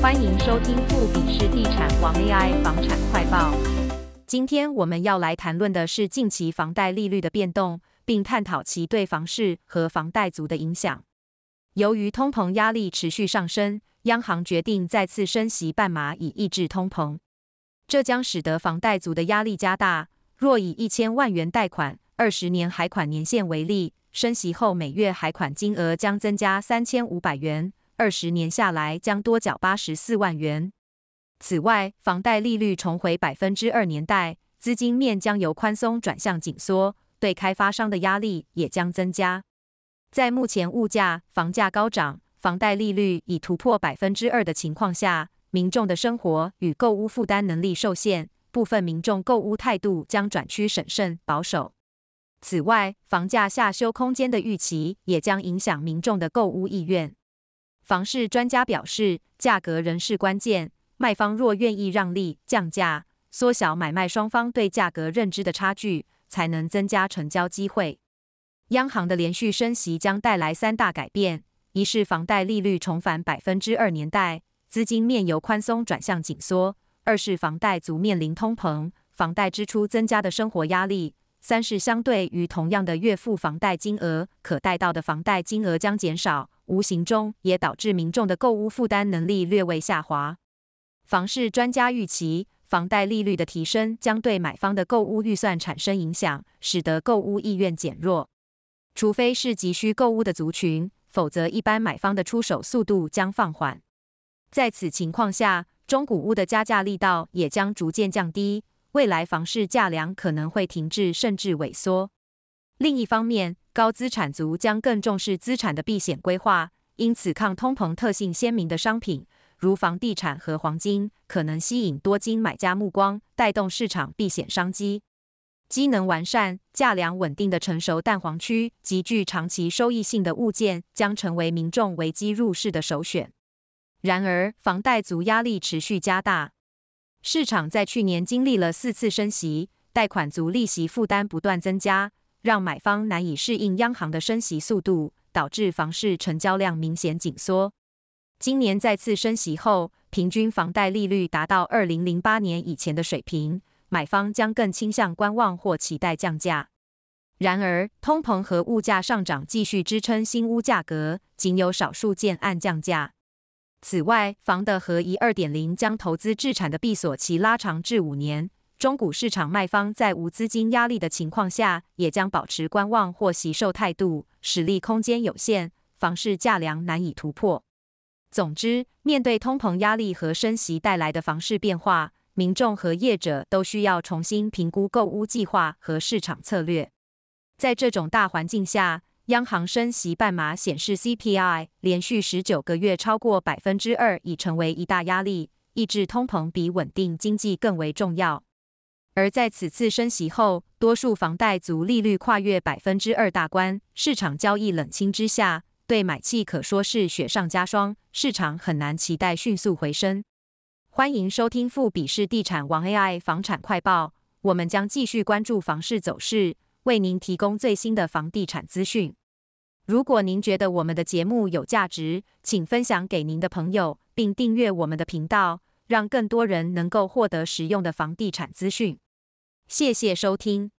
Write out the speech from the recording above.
歡迎收聽富比士地產王 AI 房產快報。今天我們要來談論的是近期房貸利率的變動，並探討其對房市和房貸族的影響。由於通膨壓力持續上升，央行決定再次升息半碼以抑制通膨，這將使得房貸族的壓力加大。若以一千萬元貸款、二十年還款年限為例，升息後每月還款金額將增加三千五百元。二十年下來將多繳八十四萬元。此外，房貸利率重回百分之二年代，資金面將由寬鬆轉向緊縮，對開發商的壓力也將增加。在目前物價、房價高漲，房貸利率已突破百分之二的情況下，民眾的生活與購屋負擔能力受限，部分民眾購屋態度將轉趨審慎保守。此外，房價下修空間的預期也將影響民眾的購屋意願。房市專家表示，價格仍是關鍵。賣方若願意讓利、降價，縮小買賣雙方對價格認知的差距，才能增加成交機會。央行的連續升息將帶來三大改變：一是房貸利率重返百分之二年代，資金面由寬鬆轉向緊縮；二是房貸族面臨通膨、房貸支出增加的生活壓力；三是相對於同樣的月付房貸金額，可貸到的房貸金額將減少。無形中也導致民眾的購屋負擔能力略微下滑。房市專家預期，房貸利率的提升將對買方的購屋預算產生影響，使得購屋意願減弱。除非是急需購屋的族群，否則一般買方的出手速度將放緩。在此情況下，中古屋的加價力道也將逐漸降低，未來房市價量可能會停滯甚至萎縮。另一方面，高資產族將更重視資產的避險規劃，因此抗通膨特性鮮明的商品，如房地產和黃金，可能吸引多金買家目光，帶動市場避險商機。機能完善、價量穩定的成熟蛋黃區，極具長期收益性的物件，將成為民眾危機入市的首選。然而，房貸族壓力持續加大，市場在去年經歷了四次升息，貸款族利息負擔不斷增加。讓買方難以適應央行的升息速度，導致房市成交量明顯緊縮。今年再次升息後，平均房貸利率達到2008年以前的水平，買方將更傾向觀望或期待降價。然而，通膨和物價上漲繼續支撐新屋價格，僅有少數建案降價。此外，房地合一2.0將投資置產的閉鎖期拉長至五年。中古市場賣方在無資金壓力的情況下，也將保持觀望或惜售態度，實力空間有限，房市價量難以突破。總之，面對通膨壓力和升息帶來的房市變化，民眾和業者都需要重新評估購屋計劃和市場策略。在這種大環境下，央行升息半碼顯示，CPI 連續十九個月超過百分之二，已成為一大壓力，抑制通膨比穩定經濟更為重要。而在此次升息後，多數房貸族利率跨越百分之二大關，市場交易冷清之下，對買氣可說是雪上加霜，市場很難期待迅速回升。歡迎收聽富比士地產王 AI 房產快報，我們將繼續關注房市走勢，為您提供最新的房地產資訊。如果您覺得我們的節目有價值，請分享給您的朋友，並訂閱我們的頻道。讓更多人能夠獲得實用的房地產資訊。謝謝收聽。